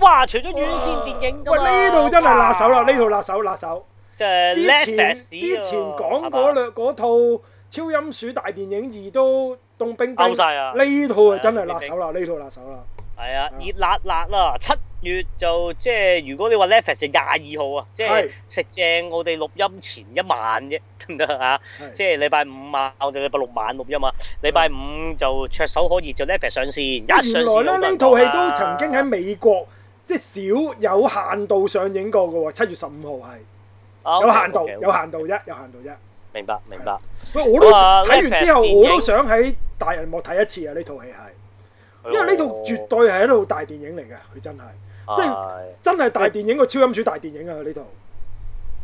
哇！除咗院線電影，喂，呢套真係辣手啦！呢套辣手辣手，即係之前之前講嗰兩套《超音鼠大電影二》都凍冰包晒啊！呢套啊真係辣手啦！呢套辣手啦！係啊，熱辣辣啦！七月就即係如果你話 Netflix 就廿二號啊，即係食正我哋錄音前一晚啫，得唔得啊？即係禮拜五晚，我哋禮拜六晚錄音嘛。禮拜五就雀手可以就 Netflix 上線，一上線就原來呢套戲都曾經喺美國。即係少有限度上映過㗎喎，七月十五號係有限度、okay, okay. 有限度啫，有限度啫。明白，明白。喂，我都睇完之後，啊、我都想喺大人幕睇一次啊！呢套戲係，的因為呢套絕對係一套大電影嚟嘅，佢真係，啊、即係真係大電影個《超音鼠大電影》啊！佢呢套。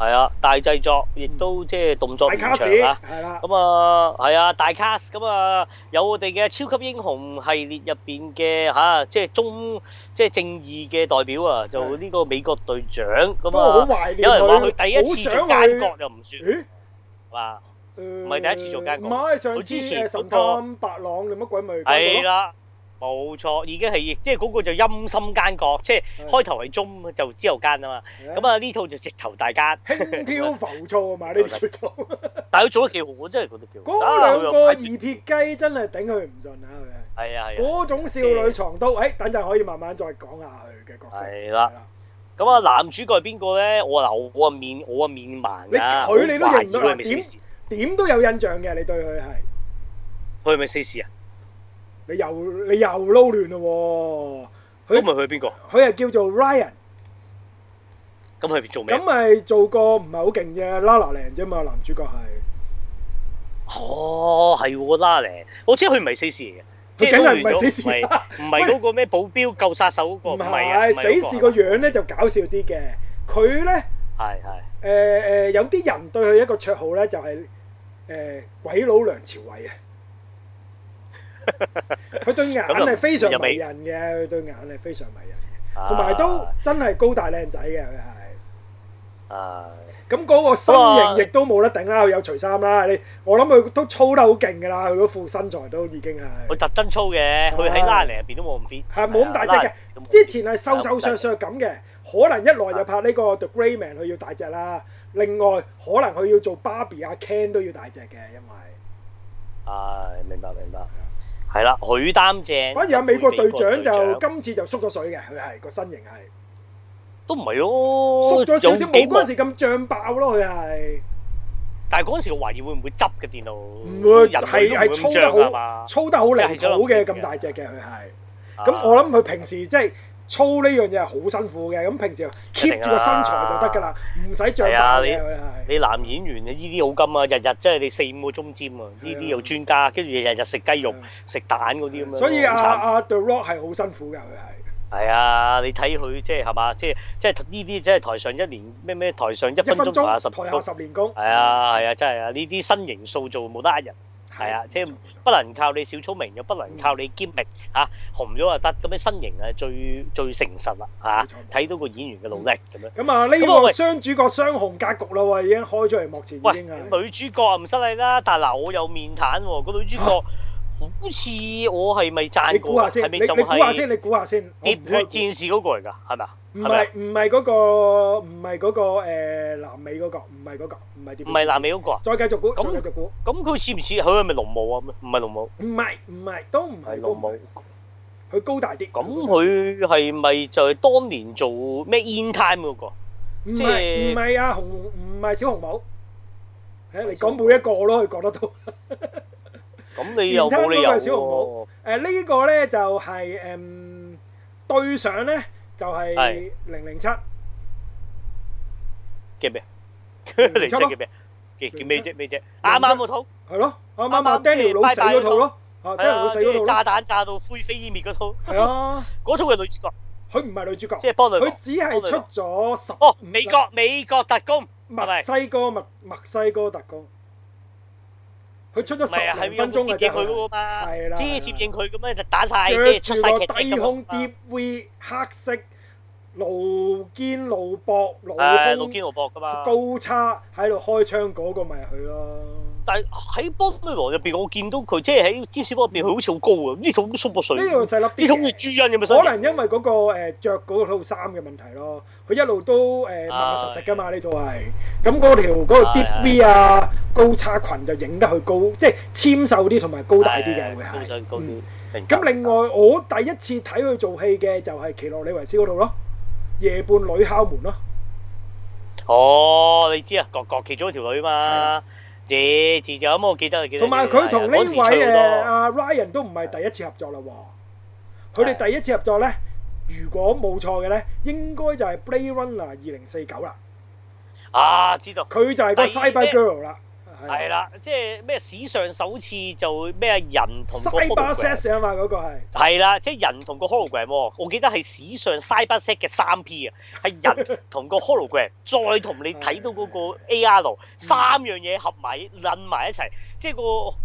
係啊，大製作亦都即係動作唔長啊，係啦，咁啊係啊，大 cast 咁啊，有我哋嘅超級英雄系列入邊嘅吓，即係中即係正義嘅代表啊，就呢個美國隊長咁啊，有人話佢第一次做間角又唔算，哇，唔係第一次做間角，唔係上，我之前神探白朗你乜鬼咪嚟講冇錯，已經係即係嗰個就陰森奸角，即係開頭係中就之後奸啊嘛。咁啊呢套就直頭大奸， 輕佻浮躁啊嘛！呢套 但係佢做得幾好，我真係覺得幾好。嗰兩個二撇雞真係頂佢唔順啊！佢係，係啊係啊。嗰種少女藏刀，誒、欸、等陣可以慢慢再講下佢嘅角色。係啦，咁啊男主角係邊個咧？我嗱，我個面我個面盲㗎、啊，佢你都認得，點點都有印象嘅，你對佢係佢係咪 C 氏啊？又你又撈亂咯喎！佢咪去邊個？佢係叫做 Ryan。咁佢做咩？咁咪做個唔係好勁啫，La La Land 啫嘛，男主角係。哦，係 La La Land。我知佢唔係死侍嚟嘅，佢梗係唔係死侍，唔係嗰個咩保鏢、夠殺手嗰個。唔係死侍個樣咧就搞笑啲嘅，佢咧係係誒誒有啲人對佢一個綽號咧就係誒鬼佬梁朝偉啊。佢對眼係非常迷人嘅，佢對眼係非常迷人嘅，同埋都真係高大靚仔嘅係。啊，咁嗰個身形亦都冇得頂啦，佢有除衫啦。你我諗佢都粗得好勁噶啦，佢嗰副身材都已經係。佢特登粗嘅，佢喺《拉尼》入邊都冇咁扁，係冇咁大隻嘅。之前係瘦瘦削削咁嘅，可能一來就拍呢個《The Gray Man》，佢要大隻啦。另外，可能佢要做 Barbie 啊 Ken 都要大隻嘅，因為。係明白，明白。係啦，佢擔正。反而阿美國隊長就今次就縮咗水嘅，佢係個身形係都唔係咯，縮咗少少冇嗰時咁脹爆咯，佢係。但係嗰時我懷疑會唔會執嘅電腦？唔會，係係粗得好粗得好離譜嘅咁大隻嘅佢係。咁我諗佢平時即係。操呢樣嘢係好辛苦嘅，咁平時 keep 住個身材就得㗎啦，唔使着力嘅。係啊，你是你男演員呢啲好金啊，日日即係、就是、你四五個鐘尖啊，呢啲有專家，跟住日日食雞肉、啊、食蛋嗰啲咁樣，啊、樣，所以阿阿 The Rock 係好辛苦嘅佢係。係啊，你睇佢即係係嘛，即係即係呢啲即係台上一年咩咩，台上一分鐘，台下十台下十年功。係啊係啊，真係啊呢啲身形塑造冇得呃人。係啊，錯即係不能靠你小聰明，又不能靠你堅力嚇、嗯啊，紅咗就得。咁樣身形係最最誠實啦嚇，睇錯、啊、到個演員嘅努力咁樣。咁、嗯、樣啊，呢個、嗯、雙主角雙雄格局啦喎，已經開咗嚟幕前女主角啊，唔失禮啦。但係嗱，我有面淡喎、啊，個女主角。 好似我係咪讚過？你估下先，你你估下先，你估下先。喋血戰士嗰個嚟噶，係咪啊？唔係唔係嗰個，唔係嗰個誒，南美嗰個，唔係嗰個，唔係喋血。唔係南美嗰個啊？再繼續估，再繼續估。咁佢似唔似？佢係咪龍母啊？唔係龍母。唔係唔係，都唔係龍母。佢高大啲。咁佢係咪就係當年做咩？In Time 嗰個？唔係唔係啊，紅唔係小紅帽。誒，你講每一個咯，佢講得到。咁你又冇理由喎！誒，呢個咧就係誒，對上咧就係零零七叫咩啊？零零七叫咩？叫叫咩啫咩啫？啱啱嗰套係咯，啱啱阿 Daniel 老死嗰套咯，係啊，炸彈炸到灰飛煙滅嗰套係啊，嗰套嘅女主角，佢唔係女主角，即係幫佢，佢只係出咗十哦，美國美國特工，墨西哥墨墨西哥特工。佢出咗成十零分鐘嘅啫，佢嗰個嘛，接應佢咁樣就打晒，即係出晒。著著低空碟尾，的黑色，露肩露膊，露肩露膊㗎嘛。高叉喺度開槍嗰個咪佢咯。但喺《波多黎各》入邊，我見到佢，即係喺《占士邦》入邊，佢好似好高啊！呢桶都縮咗水，呢桶細粒啲，呢桶嘅珠印有冇？可能因為嗰個誒着嗰套衫嘅問題咯，佢一路都誒密密實實噶嘛，呢套係。咁嗰條嗰個 deep V 啊，高叉裙就影得佢高，即係纖瘦啲同埋高大啲嘅會高啲。咁另外，我第一次睇佢做戲嘅就係《奇洛里維斯》嗰度咯，《夜半女敲門》咯。哦，你知啊，Knock Knock 其中一條女嘛。截截咗，咁我記得，記得。同埋佢同呢位誒阿 Ryan 都唔係第一次合作啦喎。佢哋第一次合作咧，如果冇錯嘅咧，應該就係《Blade Runner》二零四九啦。啊，知道。佢就係個 Cyber Girl 啦。係啦， 即係咩史上首次就咩人同個。三巴 set 啊嘛，嗰、那個係。係啦， 即係人同個 holo 格，我記得係史上三巴 set 嘅三 P 啊，係人同個 holo 格，再同你睇到嗰個 AR，三樣嘢合埋，捻埋一齊。即係個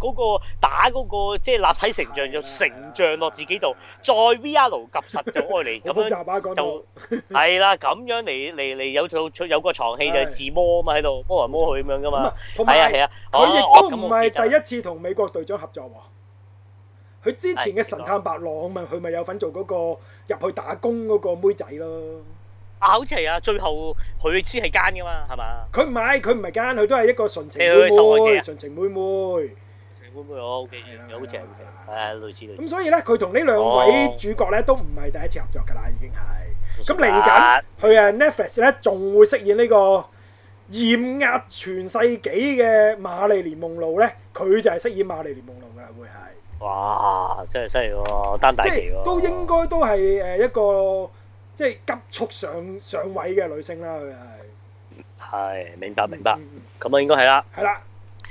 嗰打嗰個即係立體成像，就成像落自己度， 再 V R 夾實咗過嚟咁樣 就，就係啦，咁樣嚟嚟嚟有套出有個床戲就係自摸啊嘛，喺度摸嚟摸去咁樣噶嘛，係啊係啊，佢亦都唔係第一次同美國隊長合作喎，佢之前嘅神探白朗，咪佢咪有份做嗰、嗰個入去打工嗰個妹仔咯。啊，好似係啊，最後佢知係奸噶嘛，係嘛？佢唔係，佢唔係奸，佢都係一個純情妹妹，純情妹妹。純情妹妹，OK 啦，好似，好似。係啊，類似類似。咁所以咧，佢同呢兩位主角咧都唔係第一次合作噶啦，已經係。咁嚟緊佢啊 Netflix 咧，仲會飾演呢個艷壓全世紀嘅瑪麗蓮夢露咧，佢就係飾演瑪麗蓮夢露啦，會係。哇！真係犀利喎，擔大旗。都應該都係誒一個。即係急速上上位嘅女星啦，佢係係明白明白，咁啊、嗯、應該係啦，係啦。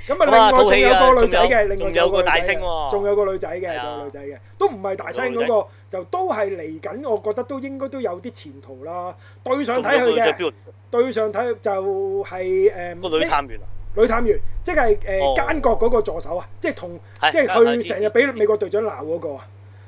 咁啊另外仲有個女仔嘅，另外仲有，個，女有個大星喎，仲有個女仔嘅，仲有個女仔嘅，都唔係大星嗰、那個，個就都係嚟緊。我覺得都應該都有啲前途啦。對上睇佢嘅，對上睇就係、是、誒、呃、個女探員啊，女探員即係誒奸角嗰個助手啊，即係同對即係佢成日俾美國隊長鬧嗰、那個啊。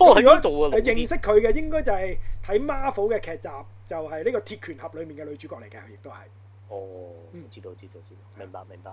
不過度，係認識佢嘅，應該就係睇 Marvel 嘅劇集，就係呢個鐵拳俠裡面嘅女主角嚟嘅，亦都係。哦，知道，知道，知道，明白，明白。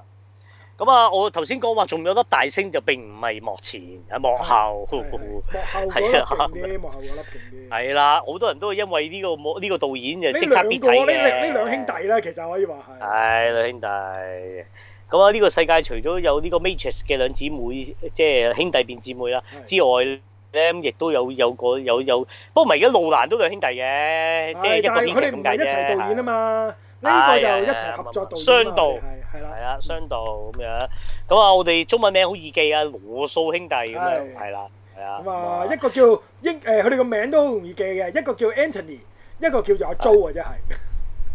咁、嗯、啊、嗯嗯，我頭先講話仲有粒大星，就並唔係幕前，係幕後。幕後嗰粒咩？幕後有粒叫咩？係啦，好的、嗯、 多人都係因為呢、呢個幕呢、呢個導演就即刻變睇呢兩兄弟啦，其實可以話係。係、哎、兩兄弟。咁、嗯、啊，呢、呢個世界除咗有呢個 Matrix 嘅兩姊妹，即、就、係、是、兄弟變姊妹啦之外。咧，咁亦都有有個有有，不過唔係而家路難都有兄弟嘅，即係一個佢哋唔係一齊導演啊嘛。係啊，呢個就一齊合作導演，咁啊，雙導係啦，雙導咁樣。咁啊，我哋中文名好易記啊，羅素兄弟咁樣係啦，係啊。咁啊，一個叫英誒，佢哋個名都好容易記嘅。一個叫 Anthony，一個叫做阿 Joe 啊，真係。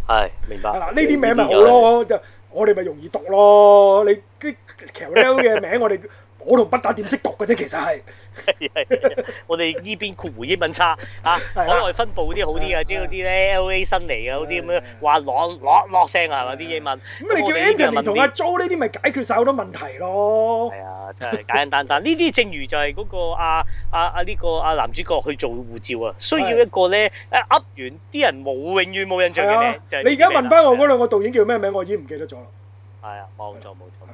係，明白。係啦，呢啲名咪好咯，就我哋咪容易讀咯。你啲 Chanel 嘅名我哋，我同不打點識讀嘅啫，其實係，我哋呢邊括弧英文差嚇，海外分佈啲好啲嘅，即係啲咧 LA 辛尼嘅嗰啲咁樣話朗朗朗聲啊，係嘛啲英文。咁你叫 Anthony 同阿 Jo 呢啲，咪解決曬好多問題咯。係啊，真係簡簡單單。呢啲正如就係嗰個阿阿阿呢個阿男主角去做護照啊，需要一個咧，誒噏完啲人冇，永遠冇印象嘅。就係你而家問翻我嗰兩個導演叫咩名，我已經唔記得咗啦。係啊，忘咗，冇錯。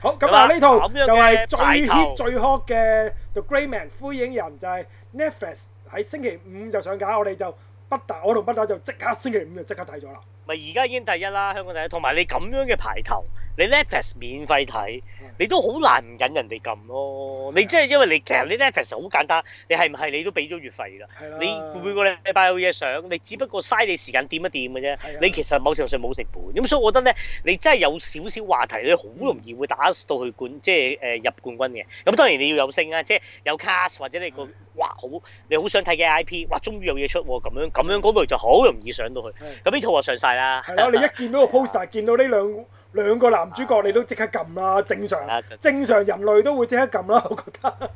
好咁、嗯、樣啊！呢套樣就係最 hit 最 hot 嘅 The Gray Man 灰影人，就係 Netflix 喺星期五就上架，我哋就不打，我同不打就即刻星期五就即刻睇咗啦。咪而家已經第一啦，香港第一，同埋你咁樣嘅排頭。你 Netflix 免費睇，你都好難引人哋撳咯。的你即係因為你其實啲 Netflix 好簡單，你係唔係你都俾咗月費㗎？的你每個禮拜有嘢上，你只不過嘥你時間掂一掂嘅啫。的你其實某程度上冇成本。咁、嗯、所以我覺得咧，你真係有少少話題，你好容易會打到去冠，即係誒入冠軍嘅。咁當然你要有星啊，即係有 cast 或者你個哇好你好想睇嘅 IP，哇終於有嘢出咁樣咁樣嗰類就好容易上到去。咁呢的套我上晒啦。係你一見到個 poster， 見到呢兩兩個男主角你都即刻撳啦，正常。正常人類都會即刻撳啦，我覺得。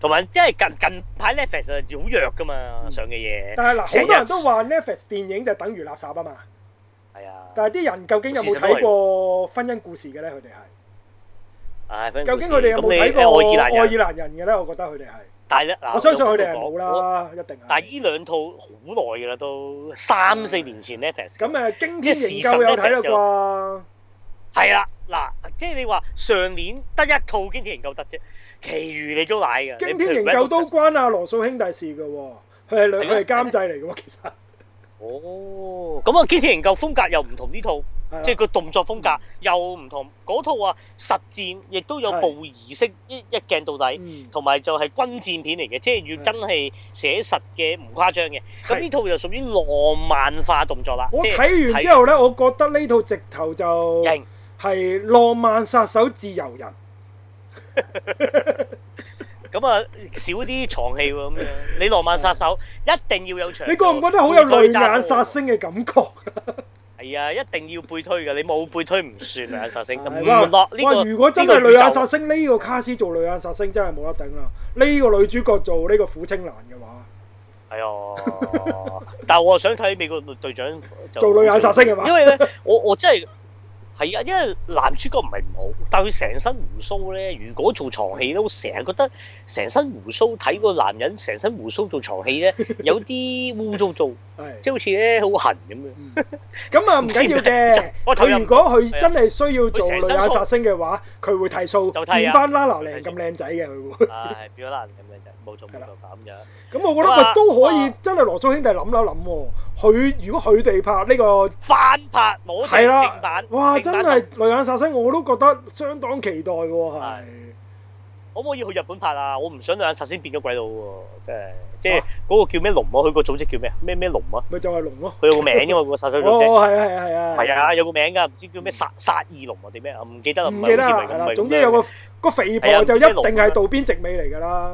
同埋即係近近排 Netflix 好弱噶嘛，上嘅嘢。但係嗱，好多人都話 Netflix 電影就等於垃圾啊嘛。係啊。但係啲人究竟有冇睇過《婚姻故事》嘅咧？佢哋係。唉，婚姻故事。究竟佢哋有冇睇過《愛爾愛爾蘭人》嘅咧？我覺得佢哋係。但係我相信佢哋係冇啦，一定。但係呢兩套好耐噶啦，都三四年前 Netflix。咁誒，《驚天營救》有睇啦啩？係啦，嗱，即係你話上年得一套《驚天營救》得啫，其餘你都賴嘅，《驚天營救》都關阿羅素兄弟事嘅，佢係佢係監製嚟嘅，其實。哦。咁啊，《驚天營救》風格又唔同呢套，即係個動作風格又唔同。嗰套啊，實戰，亦都有步儀式，一一鏡到底，同埋就係軍戰片嚟嘅，即係要真係寫實嘅，唔誇張嘅。咁呢套又屬於浪漫化動作啦。我睇完之後咧，我覺得呢套直頭就。係浪漫殺手自由人，咁啊，少啲藏戲咁樣。你浪漫殺手一定要有場，你覺唔覺得好有淚眼殺星嘅感覺？係啊、哎，一定要背推㗎，你冇背推唔算淚眼殺星。哇哇、這個哎，如果真係淚眼殺星，呢個卡斯做淚眼殺星真係冇得頂啦！呢個女主角做呢個苦青蘭嘅話，係啊、哎。但係我想睇美國隊長 做淚眼殺星嘅嘛，因為咧，我我真係。係啊，因為男主角唔係唔好，但係佢成身胡鬚咧。如果做床戲咧，我成日覺得成身胡鬚睇個男人成身胡鬚做床戲咧，有啲污糟糟，即係好似咧好痕咁樣。咁啊唔緊要嘅，佢如果佢真係需要做，做女亞殺星嘅話，佢會剃鬚變翻啦，嗱靚咁靚仔嘅。佢會係變咗拉咁靚仔，冇做咁樣。咁我覺得我都可以，真係羅素兄弟諗一諗，佢如果佢哋拍呢個翻拍冇係正版，哇！真係雷眼殺星，我都覺得相當期待喎。係，可唔可以去日本拍啊？我唔想雷眼殺星變咗鬼佬喎。即係即係嗰個叫咩龍啊？佢個組織叫咩？咩咩龍啊？咪就係龍咯。佢有個名㗎嘛？個殺手組織。哦，係啊，係啊，係啊。係啊，有個名㗎，唔知叫咩殺殺二龍啊定咩啊？唔記得啦。唔記得啦。係啦，總之有個個肥婆就一定係渡邊直美嚟㗎啦。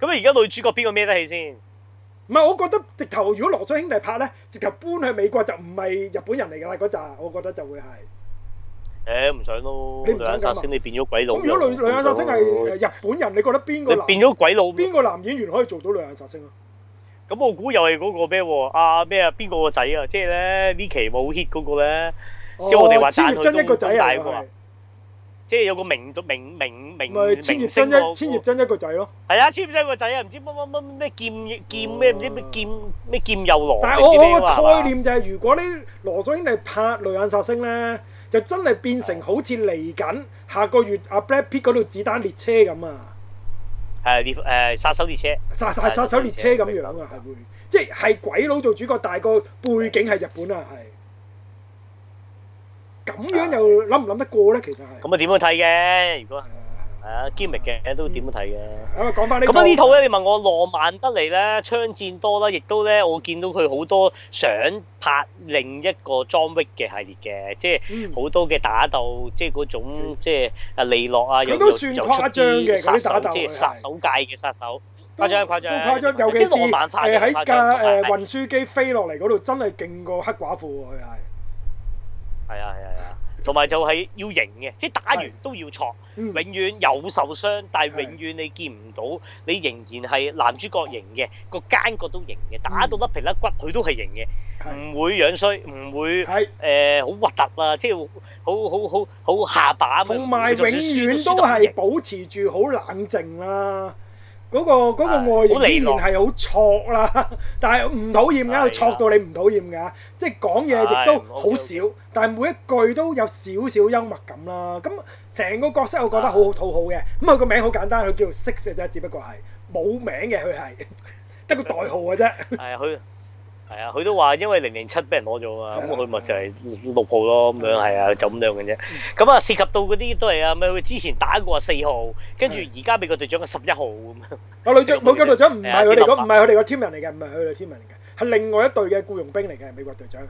咁啊，而家女主角邊個孭得起先？唔係，我覺得直頭如果羅素兄弟拍咧，直頭搬去美國就唔係日本人嚟㗎啦，嗰陣我覺得就會係。誒唔、欸、想咯，你兩眼殺星你變咗鬼佬。咁如果兩兩眼殺星係日本人，嗯、你覺得邊個？你變咗鬼佬？邊個男演員可以做到兩眼殺星啊？咁我估又係嗰個咩？阿咩啊？邊個個仔啊？即係咧呢期冇 hit 嗰個咧，即係、哦、我哋話贊佢都咁大嗰即係有個名明明，名名千葉真一，個個千葉真一個仔咯。係啊，千葉真一個仔啊，唔知乜乜乜咩劍劍咩唔知咩劍咩劍又羅。但係我我個概念就係，如果呢羅素兄弟拍《雷眼殺星》咧，就真係變成好似嚟緊下個月阿、啊、Brad Pitt 嗰度子彈列車咁啊。係列誒殺手列車。殺殺殺手列車咁樣啊，係會即係鬼佬做主角，但個背景係日本啊，係。咁樣又諗唔諗得過咧？其實係咁啊，點樣睇嘅？如果係啊 g a 嘅都點樣睇嘅？啊，講翻呢套咧，你問我浪漫得嚟咧，槍戰多啦，亦都咧我見到佢好多想拍另一個 John Wick 嘅系列嘅，即係好多嘅打鬥，即係嗰種即係啊利落啊，又又出嘅，殺手，即係殺手界嘅殺手，誇張誇張誇張，有幾次誒喺架誒運輸機飛落嚟嗰度，真係勁過黑寡婦喎，佢係。係啊係啊係啊，同埋、啊啊、就係要型嘅，即係打完都要挫，是永遠有受傷，但係永遠你見唔到，是你仍然係男主角型嘅，這個奸角都型嘅，打到甩皮甩骨佢都係型嘅，唔是會樣衰，唔會誒好核突啦，即係好好好好，好下巴同埋有永遠都係保持住好冷靜啦、啊。嗰個嗰個外形依然係好挫啦，但係唔討厭嘅，佢挫到你唔討厭嘅，即係講嘢亦都好少，但係每一句都有少少幽默感啦。咁成個角色我覺得好好討好嘅，咁佢個名好簡單，佢叫做 Six 啫，只不過係冇名嘅，佢係得個代號嘅啫。係啊，佢。係啊，佢都話因為零零七俾人攞咗啊，咁佢咪就係六號咯，咁樣係啊，就咁樣嘅啫。咁啊，涉及到嗰啲都係啊，咪佢之前打過四號，跟住而家美國隊長嘅十一號咁樣。啊，女將冇個隊長唔係佢哋講，唔係佢哋個 team 人嚟嘅，唔係佢哋 team 人嚟嘅，係另外一隊嘅僱傭兵嚟嘅。美國隊長係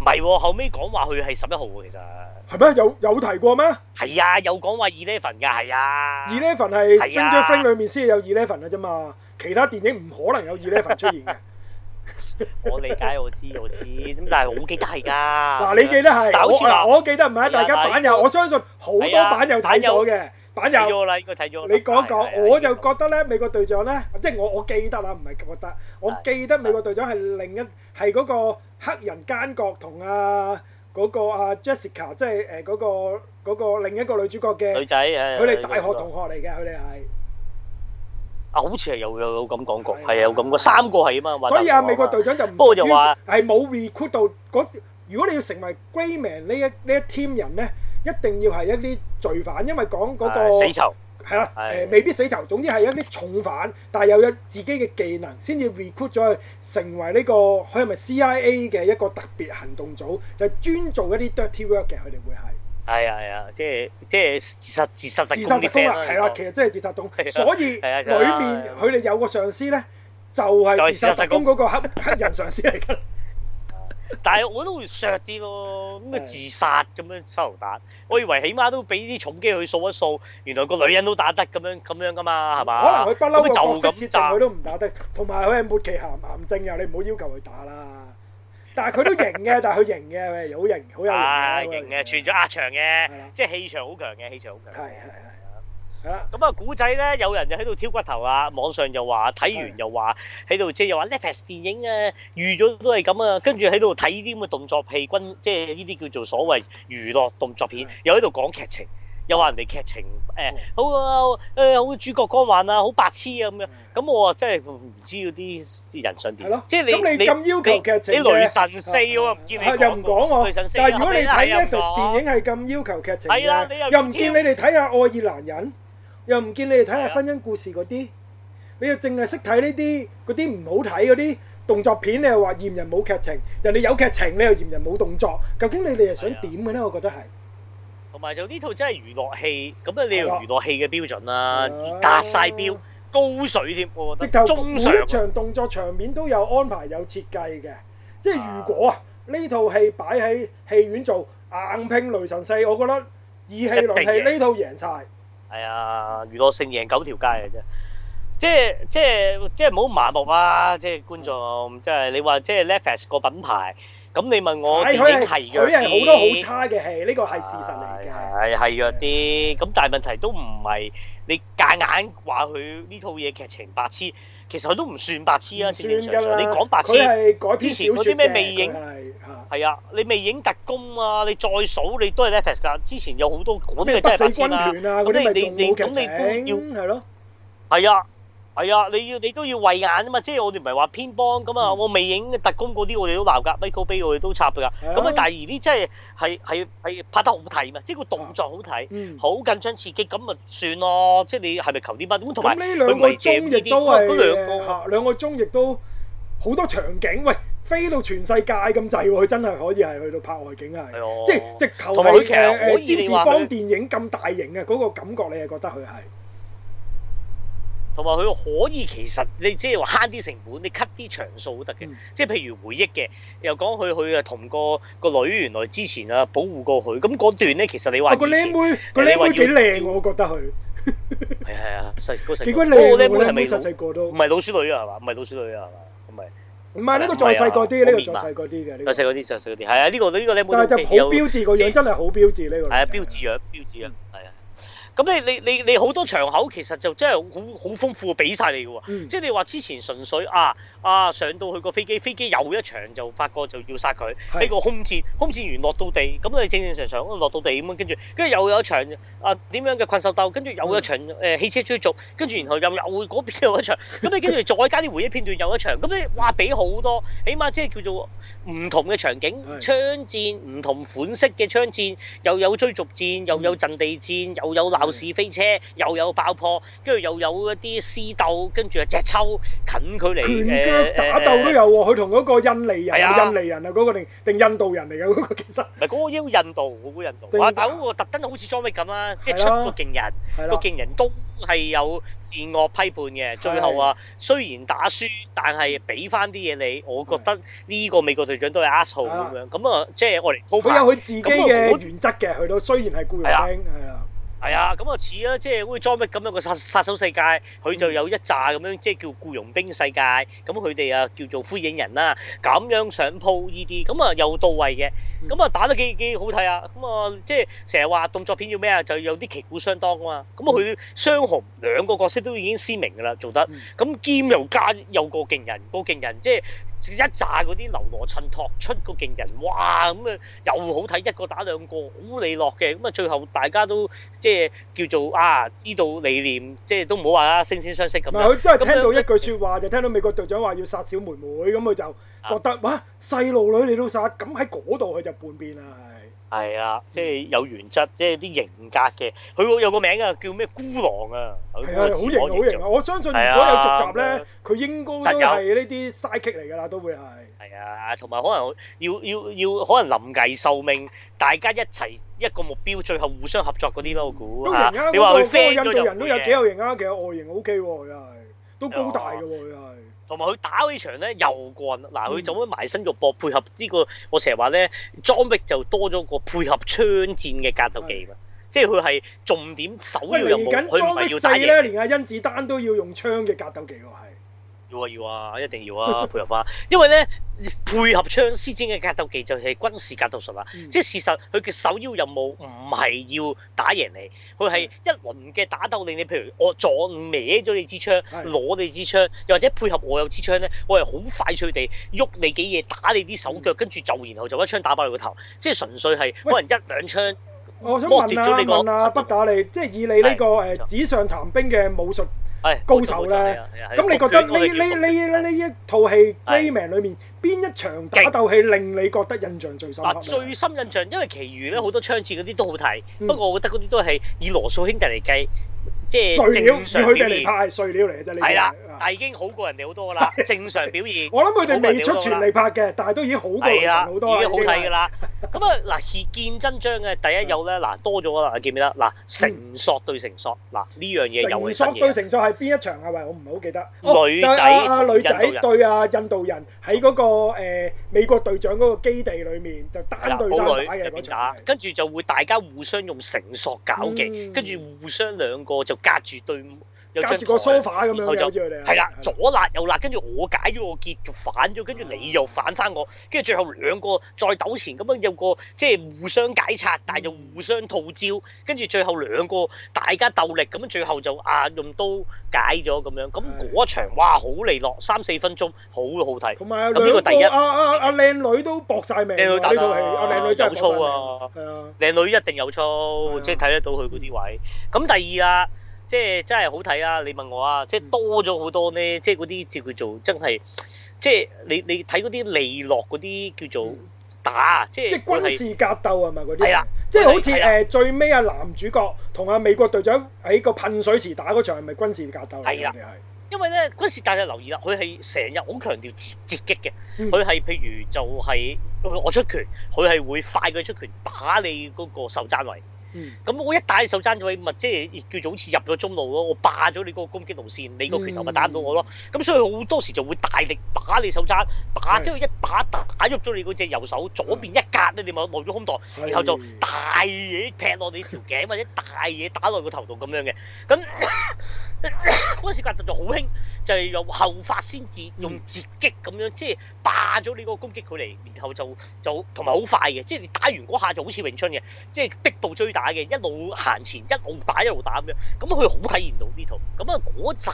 唔係？後尾講話佢係十一號其實係咩？有有提過咩？係啊，有講話 eleven 嘅係啊，eleven 係《爭章》film 內面先有 eleven 啊啫嘛，其他電影唔可能有 eleven 出現嘅。我理解，我知，我知，咁但係我唔記得係噶。嗱，你記得係？但係我嗱，我記得唔係，大家版友，我相信好多版友睇咗嘅版友。睇咗啦，應該睇咗。你講一講，我就覺得咧，美國隊長咧，即係我我記得啦，唔係覺得，我記得美國隊長係另一係嗰個黑人奸角同阿嗰個阿 Jessica，即係誒嗰個嗰個另一個女主角嘅女仔，佢哋大學同學嚟嘅，佢哋係。啊，好似係有有有咁講過，係啊，有咁講三個係啊嘛。所以啊，美國隊長就唔過話係冇 recruit 到。如果你要成為 Gray Man 呢一呢一 team 人咧，一定要係一啲罪犯，因為講嗰、那個、啊、死囚係啦，誒、啊呃、未必死囚，總之係一啲重犯，但係又有自己嘅技能，先至 recruit 咗去成為呢、這個佢係咪 CIA 嘅一個特別行動組，就係、專做一啲 dirty work 嘅，佢哋會係。係啊係啊，即係即係自殺自殺特工啦，啊，係啦，啊說，其實真係自殺黨， 所以裏邊佢哋有個上司咧，就係、是、自殺特工嗰個黑黑人上司嚟噶。但係我都會削啲咯，咁啊自殺咁樣手榴彈， 我以為起碼都俾啲重機去掃一掃，原來個女人都打得咁樣咁樣噶嘛，係嘛？可能佢不嬲個角色設定佢都唔打得，同埋佢係末期癌癌症又、啊，你唔好要，要求佢打啦。 但係佢都型嘅，但係佢型嘅，又好型，好 有型。係型嘅，全咗壓場嘅， 即係氣場好強嘅，氣場好強。係係係。啊！咁啊，古仔咧，有人就喺度挑骨頭啊，網上又話睇完又話喺度，即係又話 Netflix 電影啊，預咗都係咁啊，跟住喺度睇啲咁嘅動作戲，均即係呢啲叫做所謂娛樂動作片， 又喺度講劇情。又話人哋劇情，誒好啊，誒好主角光環啊，好白痴啊，咁樣，咁我啊真係唔知嗰啲人想點。即係你你咁要求劇情，你雷神四喎，唔見你又唔講喎。但係如果你睇《Netflix》電影係咁要求劇情嘅，又唔見你哋睇下《愛爾蘭人》，又唔見你哋睇下《婚姻故事》嗰啲，你又淨係識睇呢啲嗰啲唔好睇嗰啲動作片？你又話嫌人冇劇情，人哋有劇情，你又嫌人冇動作。究竟你哋係想點嘅咧？我覺得係。同埋就呢套真係娛樂戲，咁啊你用娛樂戲嘅標準啦、啊，啊、達晒標，高水添，我覺得中。中長每場動作場面都有安排有設計嘅，即係如果啊呢套戲擺喺戲院做硬拼雷神四，我覺得以戲論戲呢套贏晒，係啊、哎，娛樂性贏九條街嘅啫，即係即係即係唔好麻木啊！即係觀眾，嗯、即係你話即係 Netflix 個品牌。咁你問我，電影係弱啲。佢係好多好差嘅戲，呢個係事實嚟嘅，係係弱啲，咁但係問題都唔係你夾硬話佢呢套嘢劇情白痴，其實佢都唔算白痴啊。正正常常，你講白痴，之前嗰啲咩未影，係啊，你未影特工啊，你再數你都係 Netflix 㗎。之前有好多嗰啲係真係白痴啦、啊。咁你你你，咁你，你都要係咯，係啊。係啊，你要你都要慧眼啊嘛，即係我哋唔係話偏幫咁啊，我未影特工嗰啲我哋都鬧㗎，Michael Bay 我哋都插㗎。咁啊，但係而啲真係係係係拍得好睇嘛，即係個動作好睇，好緊張刺激，咁咪算咯，即係你係咪求啲乜同埋佢外景呢啲，嗰兩個嚇兩個鐘亦都好多場景，喂飛到全世界咁滯喎，佢真係可以係去到拍外景啊。係，即係即係求其誒，占士邦電影咁大型啊，嗰個感覺你係覺得佢係？同埋佢可以其實你即係話慳啲成本，你 cut 啲場數都得嘅。即係譬如回憶嘅，又講佢佢啊同個個女原來之前啊保護過佢，咁嗰段咧其實你話個靚妹，個靚妹幾靚？我覺得佢係係啊，細個細個咧妹係咪細細個都唔係老鼠女啊？係嘛，唔係老鼠女啊？係嘛，唔係唔係呢個再細個啲，呢個再細個啲嘅，再細個啲，再細個啲。係啊，呢個呢個靚妹，但係就好標誌個樣，真係好標誌呢個。係啊，標誌樣，標誌樣。咁你，你你你好多場口其實就真係好好豐富嘅，俾曬你嘅喎。即係你話之前純粹啊啊上到去個飛機，飛機又一場就發覺就要殺佢。喺個是的 空戰，空戰完落到地，咁你正正常常、啊、落到地咁樣，跟住跟住又有一場啊點樣嘅困獸鬥，跟住又有一場誒、嗯呃、汽車追逐，跟住然後又又嗰邊又一場，咁你跟住再加啲回憶片段又一場，咁你哇俾好多，起碼即係叫做唔同嘅場景，的槍戰唔同款式嘅槍戰，又有，有追逐戰，又有陣地戰，又有鬧。試飛車又有爆破，跟住又有一啲私鬥，跟住啊隻抽近佢嚟，拳腳打鬥都有喎。佢同嗰個印尼人，印尼人啊，個定定印度人嚟嘅嗰個其實。唔係嗰個妖印度，好鬼印度。哇，但嗰個特登好似裝備咁啦，即係出個勁人，個勁人都係有自我批判嘅。最後啊，雖然打輸，但係俾翻啲嘢你，我覺得呢個美國隊長都係阿蘇咁樣。咁啊，即係我哋，佢有佢自己嘅原則嘅。去到雖然係僱傭兵。係啊，咁啊似啦，即係好似《裝逼》咁樣個殺殺手世界，佢就有一紮咁樣，即係叫僱傭兵世界，咁佢哋啊叫做灰影人啦，咁樣上鋪依啲，咁啊又到位嘅。咁啊、嗯、打得幾幾好睇啊！咁、嗯、啊即係成日話動作片要咩啊？就有啲旗鼓相當啊嘛！咁啊佢雙雄兩個角色都已經鮮明㗎啦，做得咁兼、嗯嗯嗯、又加有個勁人，個勁人即係一揸嗰啲流羅襯托出個勁人，哇咁啊又好睇，一個打兩個好利落嘅。咁啊最後大家都即係叫做啊知道理念，即係都唔好話啦，惺惺相惜咁樣。唔，佢真係聽到一句説話，就聽到美國隊長話要殺小妹妹，咁佢就。覺得哇細路女你都殺，咁喺嗰度佢就叛變啦，係。係啊，嗯、即係有原則，即係啲型格嘅，佢有個名啊，叫咩孤狼啊。係啊，好型啊，好型啊！我相信如果有續集咧，佢、啊、應該都係呢啲嘥劇嚟噶啦，都會係。係啊，同埋可能要要要，要要可能臨危受命，大家一齊一個目標，最後互相合作嗰啲咯，我估、嗯、啊。都型噶、啊，外型、啊、印度人都有幾有型啊，其實外型 O K 喎，又都高大嘅喎，又係。同埋佢打嗰場咧，又幹嗱佢做乜埋身肉搏配合呢個，我成日話咧裝備就多咗個配合槍戰嘅格鬥技嘛。的即係佢係重點首要有冇，佢唔係要打嘢。連阿甄子丹都要用槍嘅格鬥技喎，係。要啊，要啊，一定要啊，配合翻、啊， 因為咧配合槍師精嘅格鬥技就係軍事格鬥術啦。嗯、即係事實，佢嘅首要任務唔係要打贏你，佢係一輪嘅打鬥令你。你譬如我撞歪咗你支槍，攞的你支槍，又或者配合我有支槍咧，我係好快脆地喐你幾嘢，打你啲手腳，跟住就然後就一槍打爆你個頭。即係純粹係可能一兩槍剝奪咗你個。啊不打你，即係以你呢個誒紙上談兵嘅武術。嗯係高手啦！咁、哎、你覺得呢呢呢呢一套戲 Gray Man 裏面邊一場打鬥戲令你覺得印象最深刻？最深印象，因為其餘咧好多槍戰嗰啲都好睇，嗯、不過我覺得嗰啲都係以羅素兄弟嚟計，即係正常啲。係碎料嚟嘅啫，你係啦。但係已經好過人哋好多啦，正常表現。我諗佢哋未出全力拍嘅，但係都已經好過人好多，已經好睇㗎啦。咁啊，嗱，見真章嘅第一有咧，嗱多咗啦，記唔記得？嗱，繩索對繩索，嗱呢樣嘢又係新嘢。繩索對繩索係邊一場啊？喂，我唔係好記得。女仔啊，女仔對啊，印度人喺嗰個誒美國隊長嗰個基地裏面就單對單打嘅嗰場，跟住就會大家互相用繩索搞嘅，跟住互相兩個就隔住對。又住個梳化咁樣，係啦，左辣右辣，跟住我解咗個結，反咗，跟住你又反翻我，跟住最後兩個再糾纏，咁樣有個即係互相解拆，但係就互相套招，跟住最後兩個大家鬥力，咁樣最後就啊用刀解咗咁樣，咁嗰場哇，好利落，三四分鐘好好睇。咁呢個第一啊啊啊靚女都搏晒命，靚女抖嚟，啊靚女真係好粗啊，靚女一定有粗，即係睇得到佢嗰啲位。咁第二啊。即係真係好睇啊！你問我啊，即係多咗好多呢。嗯、即係嗰啲叫叫做真係，即係你你睇嗰啲利落嗰啲叫做打，即係軍事格鬥係咪嗰啲？係啦，的即係好似誒的、呃、最尾啊男主角同阿美國隊長喺個噴水池打嗰場係咪軍事格鬥咧？係啦，因為咧軍事大家留意啦，佢係成日好強調截截擊嘅，佢係、嗯、譬如就係、是、我出拳，佢係會快佢出拳打你嗰個受踭位。咁、嗯嗯、我一打你手踭咗你，咪即係叫做好似入咗中路咯。我霸咗你嗰個攻擊路線，你個拳頭咪打唔到我咯。咁所以好多時就會大力打你手踭，打咗後一打打喐咗你嗰隻右手左邊一格咧，你咪落咗空檔，嗯、然後就大嘢劈落你條頸是或者大嘢打落個頭度咁樣嘅。咁嗰陣時格鬥就好興。就係用後發先至用截擊咁樣，即係霸咗你嗰個攻擊佢嚟，然後就就同埋好快嘅，即係你打完嗰下就好似詠春嘅，即係逼步追打嘅，一路行前一路打一路打咁樣，咁佢好體驗到呢套。咁啊嗰集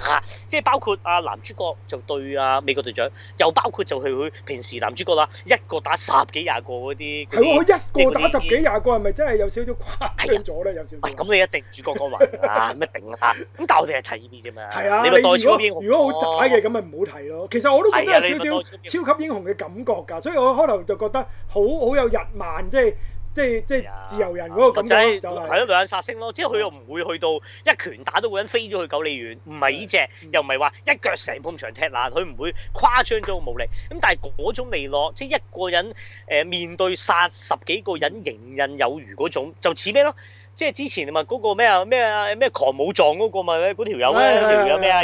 即係包括阿男主角就對阿美國隊長，又包括就係佢平時男主角啦，一個打十幾廿個嗰啲。佢一、啊、些個打十幾廿個係咪真係有少少誇張咗咧？呀有少。咁、啊、你一定主角講話啊？咩頂啊？咁但我哋係睇呢啲啫嘛。係啊。你咪代表嗰好渣嘅咁咪唔好提咯。哦、其實我都覺得有少少超級英雄嘅感覺㗎，哎、呀所以我可能就覺得好好有日漫，即係即係即係自由人嗰個感覺就係、是。咯、哎，哎就是就是、兩眼殺星咯，即係佢又唔會去到一拳打到個人飛咗去九里遠，唔係呢隻，嗯、又唔係話一腳成埲牆踢爛，佢唔會誇張到無力。咁但係嗰種利落，即係一個人誒、呃、面對殺十幾個人迎刃有餘嗰種，就似咩咯？即係之前問嗰個咩啊咩啊咩狂武狀嗰個咪嗰條友啊，條友咩啊，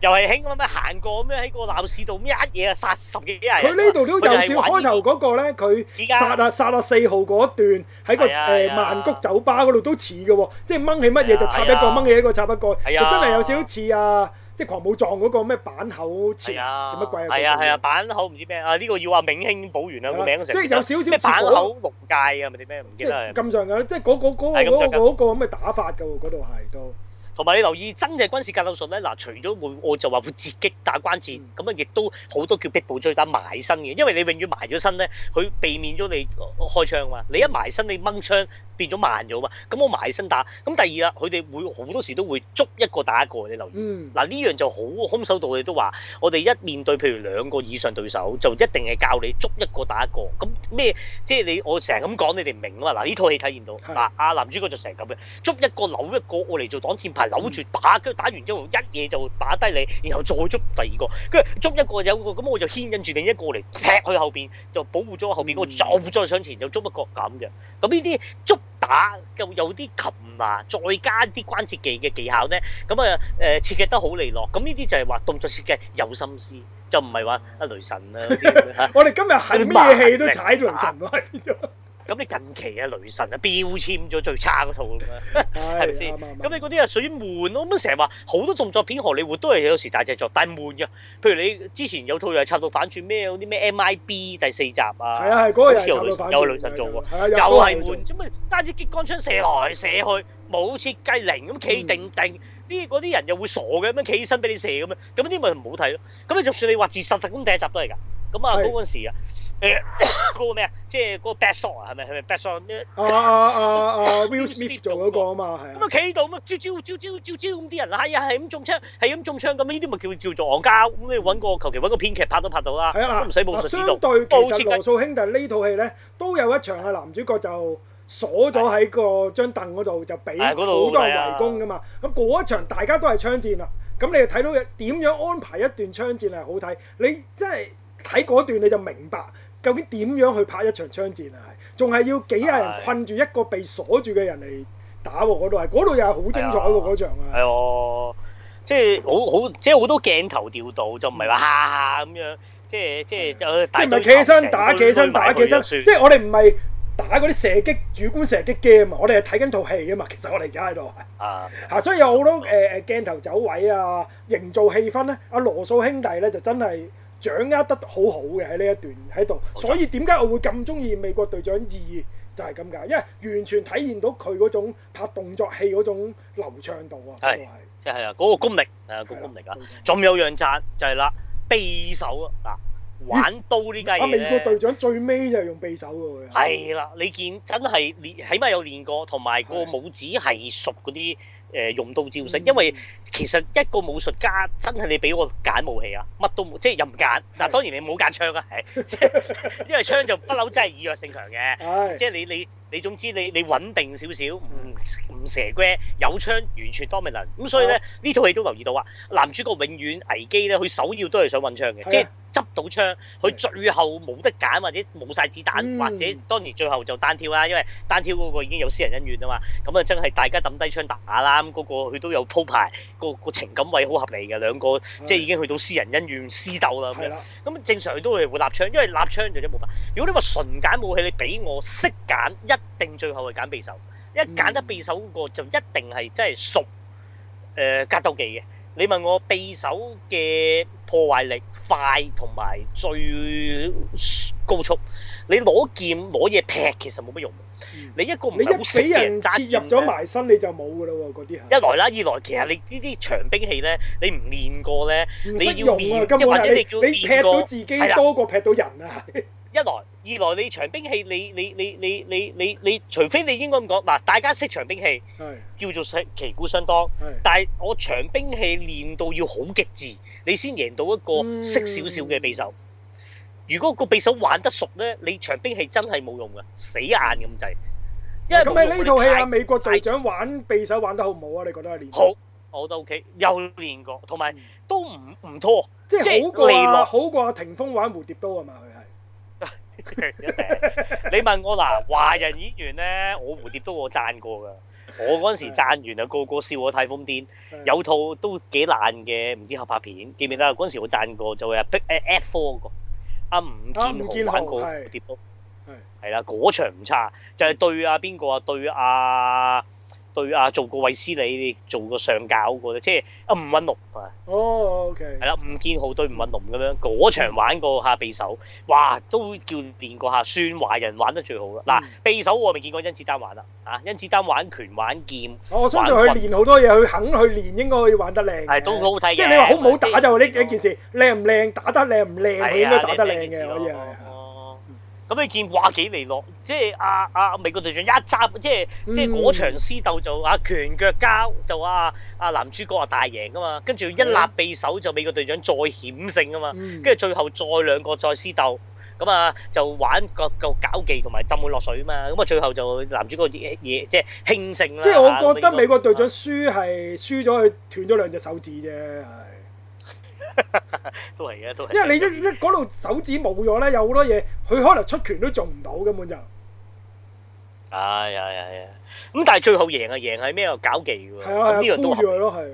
又係興咁樣行過咩？喺個鬧市度咁一嘢啊，殺十幾人。佢呢度都有少開頭嗰個咧，佢殺啊殺落、啊、四號嗰段喺個誒曼、啊啊呃、谷酒吧嗰度都似嘅喎，即係掹起乜嘢就插一個，掹、啊啊、起一個插一個，一個就真係有少少似啊！即係狂舞撞嗰個咩板口前啊，點乜鬼啊？係啊係啊，板口唔知咩啊？呢個要阿銘興補完啊，個名即係有少少板口龍界啊，係咪啲咩？唔記得咁上㗎，即係嗰嗰嗰嗰嗰個咁嘅打法㗎喎，嗰度係都。同埋你留意，真嘅軍事格鬥術咧，嗱，除咗會，我就話會截擊打關節，咁啊，亦都好多叫逼步追打埋身嘅，因為你永遠埋咗身咧，佢避免咗你開槍啊嘛，你一埋身你掹槍變咗慢咗啊嘛，咁我埋身打，咁第二啊，佢哋會好多時都會捉一個打一個，你留意，嗱呢、嗯啊、樣就好，空手道你都話，我哋一面對譬如兩個以上對手，就一定係教你捉一個打一個，咁咩？即係你我成日咁講，你哋唔明啊嘛，嗱呢套戲體驗到，嗱、啊、阿、啊、男主角就成日咁嘅，捉一個扭一個，我嚟做擋箭牌。扭住打，跟住打完之後一嘢就打低你，然後再捉第二個，跟住捉一個有個，咁我就牽引住另一個嚟劈去後邊，就保護咗後邊個，就再上前就捉一個咁嘅。咁呢啲捉打又有啲擒拿，再加啲關節技嘅技巧咧，咁啊誒設計得好利落。咁呢啲就係話動作設計有心思，就唔係話阿雷神啦、啊。 我哋今日係咩戲都踩雷神喎。 咁你近期啊，雷神啊，標籤咗最差套咁樣，係咪先？咁你嗰啲啊屬於悶咯，咁成日話好多動作片荷里活都係有時大製作，但係悶㗎。譬如你之前有套又係拆到反轉咩嗰啲咩 MIB 第四集啊，係啊係嗰個又係雷神，又係雷神做喎，又係、啊、悶。點啊，揸、嗯、支、啊、激光槍射來射去，冇似雞零咁企定定，啲嗰啲人又會傻嘅咁樣企起身俾你射咁樣，咁啲咪唔好睇咯、啊。咁你就算你話自殺特工第一集都係㗎。咁啊，嗰陣時啊，誒嗰個咩啊，即係嗰個 Deadshot 啊，係咪係咪 Deadshot 咧？啊啊啊啊，Will Smith 做嗰個啊嘛，係。咁啊，企到咁啊，招招招招招招咁啲人，係呀，係咁中槍，係咁中槍咁，呢啲咪叫叫做戱交？咁你揾個求其揾個編劇拍都拍到啦，都唔使冇實知道。相對其實《羅素兄弟》呢套戲咧，都有一場啊，男主角就鎖咗喺個張凳嗰度，就俾好多人圍攻噶嘛。咁嗰一場大家都係槍戰啦，咁你又睇到點樣安排一段槍戰係好睇？你即係。睇嗰段你就明白究竟點樣去拍一場槍戰啊。仲係要幾廿人困住一個被鎖住嘅人嚟打喎，哎？嗰度係嗰度又係好精彩喎！嗰場啊，係哦，即係好好即係好多鏡頭調度，就唔係話下下咁樣，即係即係就即係唔係企身打，企身打，企身，即係、嗯、我哋唔係打嗰啲射擊主觀射擊 game 啊！我哋係睇緊套戲啊嘛，其實我哋而家喺度啊嚇、啊，所以有好多誒誒、呃、鏡頭走位啊，營造氣氛咧，阿羅素兄弟咧就真係。掌握得好好嘅喺呢一段喺度，冇錯。所以點解我會咁中意《美國隊長二》就係咁㗎，因為完全體現到佢嗰種拍動作戲嗰種流暢度啊。係啊，即係啊，嗰個功力係啊，嗰個功力啊，仲係有樣讚就係啦，匕首啊嗱。玩刀呢家嘢，美國隊長最尾就係用匕首喎。係啦，你見真係練，起碼有練過，同埋個武指係熟嗰啲誒用刀招式。因為其實一個武術家真係你俾我揀武器啊，乜都冇，即係任揀。嗱的，當然你冇揀槍啊，係， 因為槍就不嬲真係以弱勝強嘅，即係你你。你你總之你你穩定少少，唔唔蛇龜，有槍完全 dominant 咁所以咧呢套、啊、戲都留意到啊，男主角永遠危機咧，佢首要都係想揾槍嘅，的即係執到槍，佢最後冇得揀或者冇晒子彈、嗯、或者當然最後就單挑啦，因為單挑嗰個已經有私人恩怨啊嘛。咁啊真係大家抌低槍打啦，咁、那、嗰個佢都有鋪排，那個排、那個那個情感位好合理嘅，兩個的即係已經去到私人恩怨私鬥啦咁樣。咁正常，常都會會立槍，因為立槍就一冇法。如果你話純揀武器，你俾我識揀一。定最後係揀匕首，一揀得匕首嗰個就一定係真係熟誒格鬥技嘅。你問我匕首嘅破壞力快同埋最高速，你攞劍攞嘢劈其實冇乜用。你一個唔好識嘅，扎入咗埋身你就冇噶啦喎，嗰啲嚇。一來啦，二來其實你呢啲長兵器咧，你唔練過咧，你要練，即係或者你劈到自己多過劈到人啊。一來二來，你長兵器你，你你你你你你你，除非你應該咁講嗱，大家識長兵器，的叫做相旗鼓相當。的但係我長兵器練到要好極致，你先贏到一個識少少嘅匕首。嗯、如果個匕首玩得熟咧，你長兵器真係冇用噶，死硬咁滯。咁係呢套戲啊，太美國隊長玩匕首玩得好唔好啊？你覺得係練好？我都 OK，又練過，同埋都唔唔拖，即係即即好過、啊啊啊、好過阿霆鋒玩蝴蝶刀啊嘛、啊 你問我嗱，華人演員咧，我蝴蝶刀我讚過㗎。我嗰陣時讚完就是的 個個笑我太瘋癲，是的 有套都幾爛嘅，唔知合拍片記唔記得？嗰陣時我讚過就係 F4 個，阿、啊、吳建豪玩過蝴蝶刀，係啦、啊，嗰場唔差，就係、是、對阿邊個啊，對阿、啊。對啊，做個韋斯利，做個上教嗰啲，即係啊吳允龍啊，哦 OK，係啦，吳建豪對吳允龍咁樣嗰場玩過下匕首，哇都叫練過下，算華人玩得最好啦。嗱，匕首我未見過甄子丹玩啦，啊甄子丹玩拳玩劍，我相信佢練好多嘢，佢肯去練，應該可以玩得靚。係都好好睇，即係你話好唔好打就呢一件事，靚唔靚打得靚唔靚，應該打得靚嘅。我認為。咁你、嗯、見話幾嚟落，即係阿阿美國隊長一揸，即係即係嗰場私鬥就阿、啊、拳腳交就阿阿男主角啊，啊大贏噶嘛，跟住一拿匕首、嗯、就美國隊長再險勝噶嘛，跟住、嗯、最後再兩個再私鬥，咁啊就玩個個搞，搞技同埋浸佢落水嘛，咁啊最後就男主角嘢嘢即係慶勝啦。即係我覺得美國隊長輸係、啊、輸咗佢斷咗兩隻手指啫。 都係嘅、啊，都係、啊。因為你一一嗰度手指冇咗咧，有好多嘢，佢可能出拳都做唔到根本就。係呀呀呀，咁、哎、但係最後贏啊，贏喺咩啊？搞技嘅喎。呢樣都係。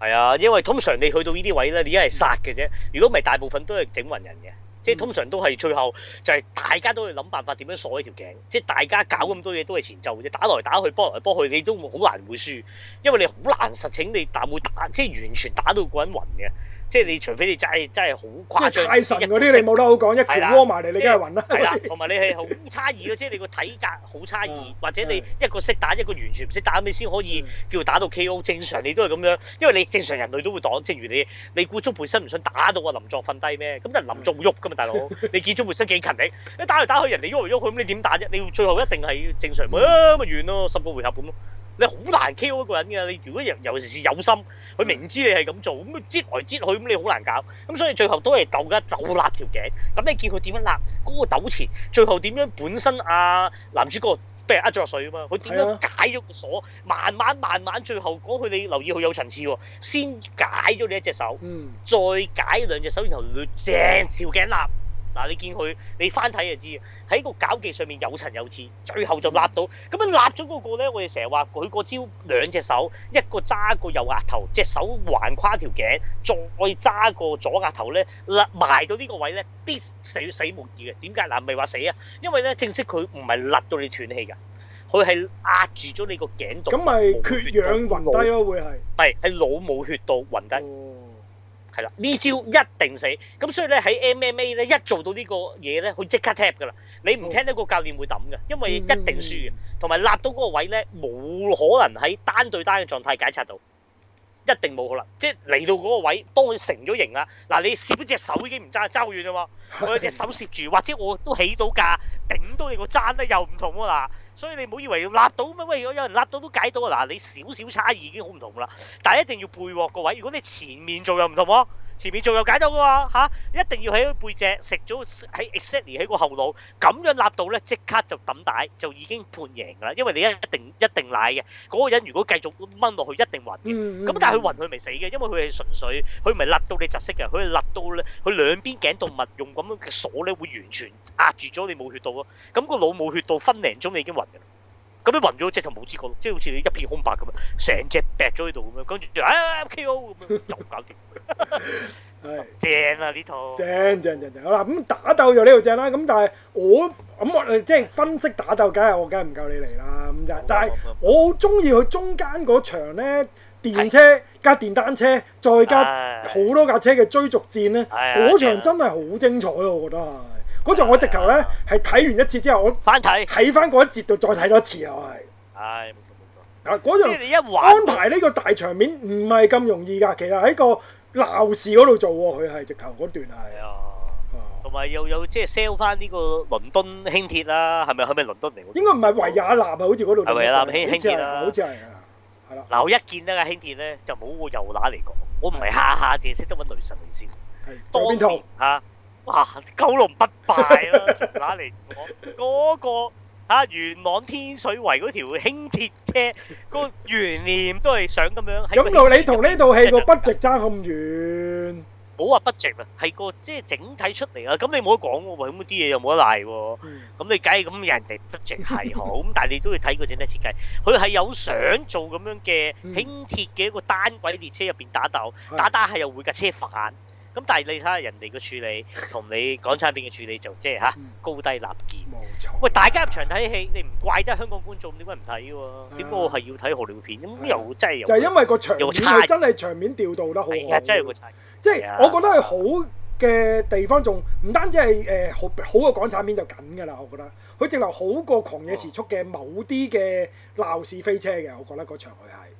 係啊，因為通常你去到呢啲位咧，你一係殺嘅啫。如果唔係，大部分都係整暈人嘅。即係通常都係最後就係大家都去諗辦法點樣鎖呢條頸。即係大家搞咁多嘢都係前奏啫。打來打去，波來波去，你都好難會輸，因為你好難實情你但會打，即係完全打到個人暈嘅。即係你，除非你真係真係好誇張，泰神嗰啲你冇得好講，的一拳轆埋嚟你梗係暈啦。係啦的，同埋 你係好差異嘅，即係你個體格好差異，啊、或者你一個識打，嗯、一個完全唔識打，你先可以叫打到 KO。正常你都係咁樣，因為你正常人類都會擋。正如你，你估足背身唔想打到個林作瞓低咩？咁但林作喐㗎嘛，大佬。你見足背身幾勤力，你打嚟打去，人哋喐嚟喐去，咁你點打啫？你最後一定係正常咁咪遠咯，十個、嗯啊、回合咁咯。你好難 KO 一個人㗎，你如果尤其是有心，佢明知你係咁做，咁佢擠來擠去，咁你好難搞，咁所以最後都係鬥㗎，鬥立條頸。咁你見佢點樣立？嗰、那個鬥前，最後點樣？本身啊，男主角俾人呃咗落水啊嘛，佢點樣解咗個鎖？啊、慢慢慢慢，最後講佢，你留意佢有層次喎。先解咗你一隻手，嗯，再解兩隻手，然後攣整條頸立。嗱，你見佢，你翻睇就知。喺個絞技上面有層有刺，最後就擸到。咁樣擸咗嗰個咧，我哋成日話佢個招兩隻手，一個揸個右額頭，隻手橫跨條頸，再揸個左額頭咧，擸埋到呢個位咧，必死死，死無疑嘅。點解？嗱，咪話死啊？因為咧，正式佢唔係擸到你斷氣㗎，佢係壓住咗你個頸度。咁咪缺氧暈低咯，係會係。係喺腦冇血到暈低。嗯係啦，呢招一定死，咁所以咧喺 MMA 咧一做到呢個嘢咧，佢即刻 tap 噶啦。你唔聽得個教練會抌嘅，因為一定輸嘅。同埋立到嗰個位咧，冇可能喺單對單嘅狀態解察到，一定冇可能。即係嚟到嗰個位，當佢成咗型啦。嗱，你攝一隻手已經唔揸，揸遠啦喎。我有隻手攝住，或者我都起到架頂到你個爭咧，又唔同啊嗱。所以你唔好以為要立到咩？喂，有有人立到都解到啊！嗱，你少少差異已經好唔同㗎啦。但係一定要背鑊個位。如果你前面做又唔同喎。前面做又解到嘅喎，啊、一定要喺背脊食咗喺 exactly 喺個後腦咁樣勒到咧，即刻就揼帶，就已經判贏㗎啦。因為你一定一定一定賴嘅，嗰、那個人如果繼續掹落去，一定暈嘅。咁、嗯嗯嗯、但係佢暈佢未死嘅，因為佢係純粹佢唔係勒到你窒息嘅，佢係勒到咧，佢兩邊頸動脈用咁嘅鎖咧會完全壓住咗你冇血道咯。咁、那個腦冇血道分零鐘你已經暈嘅啦。咁樣暈咗即就冇知覺，即係好似你一片空白咁樣，成隻劈咗喺度咁樣，跟住就哎哎哎 K.O. 咁樣就搞掂，哈哈 正啦、啊、呢套，正正正正好啦，咁打鬥就呢度正啦，咁但係我咁我哋即係分析打鬥，梗係我梗係唔夠你嚟啦咁就，但係我好中意佢中間嗰場咧電,電車加電單車再加好多架車嘅追逐戰咧，嗰、哎、呀場真係好精彩啊，我覺得。嗰場我直頭咧係睇完一次之後，我翻睇睇翻嗰一節度再睇多次啊！我係，係冇錯冇錯。嗱，嗰樣安排呢個大場面唔係咁容易㗎。其實喺個鬧事嗰度做喎，佢係直頭嗰段係。啊，同埋又有即係 sell 翻呢個倫敦輕鐵啦，係咪係咪倫敦嚟？應該唔係維也納啊，好似嗰度。係維也納輕輕鐵啊，好似係啊，係啦。嗱，一見咧，輕鐵咧就冇個右乸嚟講，我唔係下下淨識得揾雷神嚟先。係，嘴邊痛嚇。哇，九龍不敗啊！嗱，嚟我嗰個吓元朗天水圍嗰條輕鐵車個概念都係想咁樣。咁又你同呢套戲個 budget 爭咁遠？冇話 budget 啊，係個即係整體出嚟啊！咁你冇得講喎，咁啲嘢又冇得賴喎。咁你梗係咁，人哋 budget 係好，咁但係你都要睇個整體設計，佢係有想做咁樣嘅輕鐵嘅一個單軌列車入邊打鬥，打打係又會架車反。咁但係你睇下人哋嘅處理，同你港產片嘅處理就即係嚇高低立見。冇錯。喂，大家入場睇戲，你唔怪得香港觀眾點解唔睇喎？點解、啊啊、我係要睇荷里活片咁、嗯啊、又真係又？就係因為個場面係差真係場面調度得好。係啊，真係個場。即係我覺得係好嘅地方，仲唔單止係誒、呃、好好嘅港產片就緊㗎啦。我覺得佢直頭好過狂野時速嘅某啲嘅鬧市飛車嘅，我覺得嗰場佢係。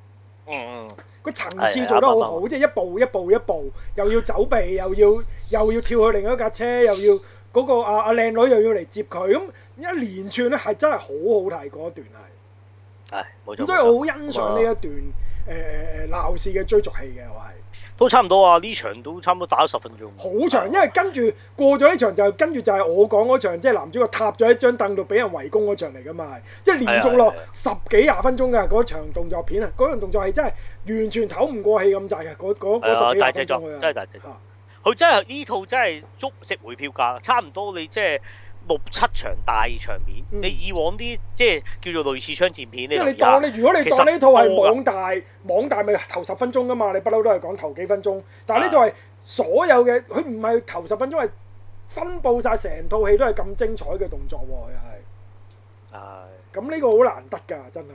嗯，個層次做得好好，即係一步一步一步，又要走避，又要又要跳去另一架車，又要嗰、那個啊啊靚女又要嚟接佢，咁一連串咧係真係好好睇嗰一段係，係冇錯，咁所以我好欣賞呢一段誒誒誒鬧事嘅追逐戲嘅我係。都差唔多啊！呢場都差唔多打咗十分鐘。好長，因為跟住過咗呢場就係跟住就係我講嗰場，即係男主角踏咗喺張凳度俾人圍攻嗰場嚟噶嘛，即係連續落十幾廿分鐘嘅哎呀，嗰場動作片啊，嗰樣動作係真係完全唞唔過氣咁滯啊。哎呀，嗰十,十幾分鐘啊，真係，哎，大動作，真係大動作。啊，佢真係呢套真係足值回票價，差唔多你即係。即係六七場大場面，嗯、你以往啲即係叫做類似槍戰片呢？你你即係你當你如果你當呢套係網大，網大咪頭十分鐘㗎嘛？你不嬲都係講頭幾分鐘，但係呢套係所有嘅，佢唔係頭十分鐘係分佈晒成套戲都係咁精彩嘅動作喎。啊，又係。係、啊。咁呢個好難得㗎，真係。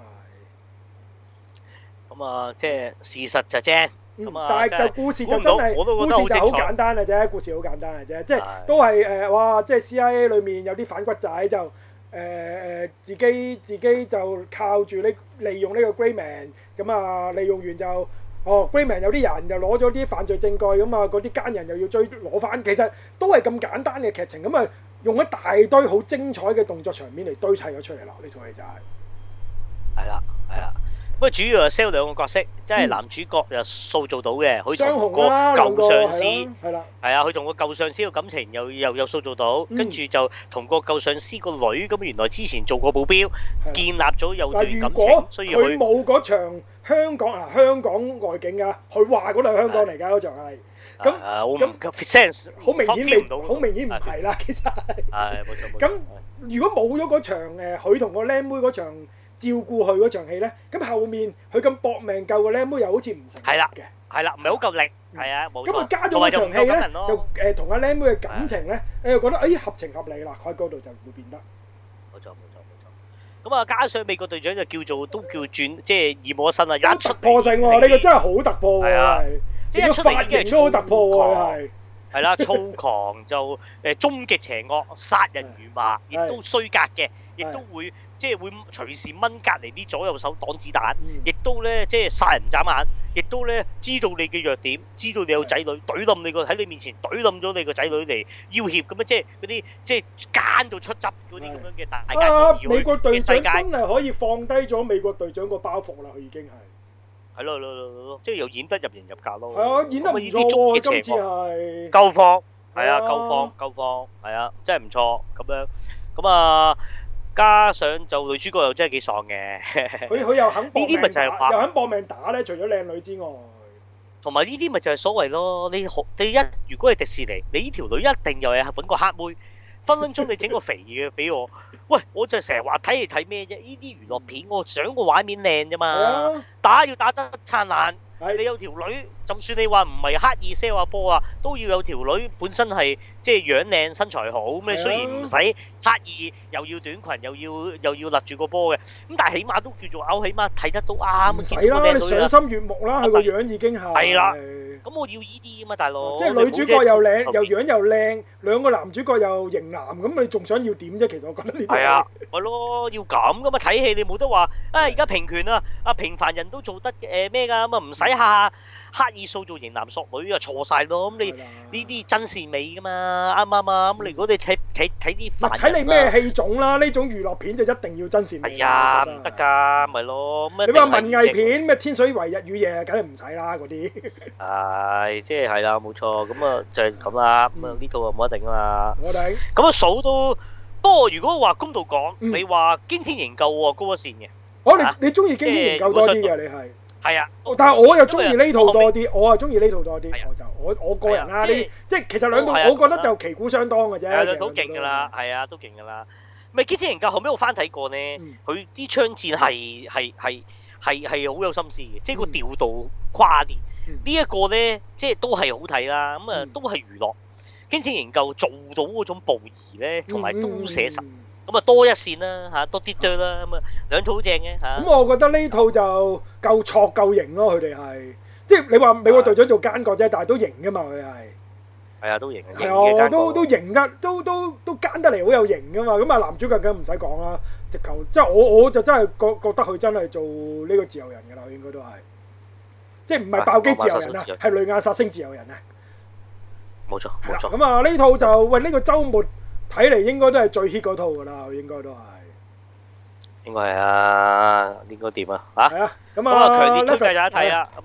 咁啊，即係事實就啫、是。嗯、但係就故事就真係，故事就好簡單嘅啫，故事好簡單嘅啫，即係都係誒、呃，哇，即係 CIA 裏面有啲反骨仔就誒誒、呃，自己自己就靠住呢利用呢個 Gray Man 咁啊利用完就哦 Gray Man 有啲人就攞咗啲犯罪證據，咁啊嗰啲奸人又要追攞翻，其實都係咁簡單嘅劇情，咁啊用一大堆好精彩嘅動作場面嚟堆砌咗出嚟啦，呢套戲就係係啦，係啦。咁啊，主要係 sell 兩個角色，即係男主角又塑造到嘅，佢同個舊上司係啦，係啊，佢同個舊上司嘅感情又又又塑造到，跟住就同個舊上司個女咁啊，原來之前做過保鏢，建立咗有段感情，所以佢。冇嗰場香港啊，香港外景噶，佢話嗰度係香港嚟噶嗰場係，咁咁 sense 好明顯未，好明顯唔係啦，其實係。係冇錯冇錯。咁如果冇咗嗰場誒，佢同個靚妹嗰場。照顧佢嗰場戲咧，咁後面佢咁搏命救個僆妹又好似唔成嘅，係啦，係啦，唔係好夠力，係啊，咁佢加咗嗰場戲咧，就誒同阿僆妹嘅感情咧，誒又覺得哎合情合理啦，佢喺嗰度就唔會變得。冇錯冇錯冇錯，咁啊，加上美國隊長就叫做都叫轉，即係二魔身啊，一突破性喎，呢個真係好突破喎，係啊，一出嚟嘅都突破喎，係，係啦，粗狂就誒終極邪惡，殺人如麻，亦都衰格嘅。亦都會即係會隨時掹隔離啲左右手擋子彈，亦都咧即係殺人眨眼，亦都咧知道你嘅弱點，知道你有仔女，懟冧你個喺你面前懟冧咗你個仔女嚟要挾，咁啊即係嗰啲即係奸到出汁嗰啲咁樣嘅大。啊！美國對世界，真係可以放低咗美國隊長個包袱啦，佢已經係係咯，係咯，係咯，即係又演得入型入格咯。係啊，演得唔錯喎，今次係夠放，係啊，夠放，夠放，係啊，真係唔錯咁樣咁啊！加上就女主角又真係幾爽嘅， 佢佢又肯搏命打，又肯搏命打咧。除咗靚女之外，同埋呢啲咪就係所謂咯。你你一，如果係迪士尼，你呢條女一定又係揾個黑妹，分分鐘你整個肥嘅俾我。 喂，我就成日話睇你睇咩啫？呢啲娛樂片，我想個畫面靚啫嘛， 打要打得燦爛，的你有條女。就算你話唔係刻意 serve 個波啊，都要有條女本身係即係樣靚身材好咩？你雖然唔使刻意，又要短裙，又要又要立住個波嘅咁，但係起碼都叫做，起碼睇得到啱咁，見到靚到啦，賞心悅目啦，個樣已經係係啦。咁我要依啲啊嘛，大佬，即係女主角又靚又樣又靚，兩個男主角又型男，咁你仲想要點啫？其實我覺得呢啲係啊，係咯，要咁噶嘛？睇戲你冇得話啊！而家平權啊，啊平凡人都做得誒咩㗎？咁啊唔使下。刻意塑造型男索女又錯曬咯，咁你呢啲真善美噶嘛？啱唔啱啊？咁如果你睇睇睇啲，睇你咩戲種啦？呢種娛樂片就一定要真善美。係啊，唔得㗎，咪咯。你話文藝片咩？天水圍日與夜，梗係唔使啦嗰啲。係，即係係啦，冇錯。咁啊，就係咁啦。咁啊，呢套啊冇一定啊嘛。我哋咁啊數都。不過如果話公道講，你話驚天營救喎高一線嘅。我你你中意驚天營救多啲嘅，你係。係啊，但係我又中意呢套多啲，我啊中意呢套多啲，我就我我個人啦，即係其實兩套，我覺得就旗鼓相當嘅啫，係都勁噶啦，係啊，都勁噶啦。咪《驚天營救》，後尾我翻睇過呢，佢啲槍戰係係係係係好有心思嘅，即係個調度跨啲。呢一個咧，即係都係好睇啦，咁啊都係娛樂。《驚天營救》做到嗰種暴移咧，同埋都寫實。咁啊，多一線啦，嚇多啲追啦，咁啊兩套好正嘅嚇。咁我覺得呢套就夠挫夠型咯，佢哋係即係你話美國隊長做奸角啫，但係都型噶嘛，佢係係啊，都型嘅。係啊，都都型得，都都都奸得嚟好有型噶嘛。咁啊，男主角梗唔使講啦，直頭即係我我就真係覺覺得佢真係做呢個自由人嘅啦，應該都係即係唔係爆機自由人啊，係、哎、雷亞殺星自由人啊。冇錯，冇錯。咁啊，呢套就喂呢、呢個周末。睇嚟應該都係最 hit 嗰套㗎啦，應該都係。應該係啊，應該點啊？嚇！係啊，咁啊，我強烈推介大家睇啊！啊嗯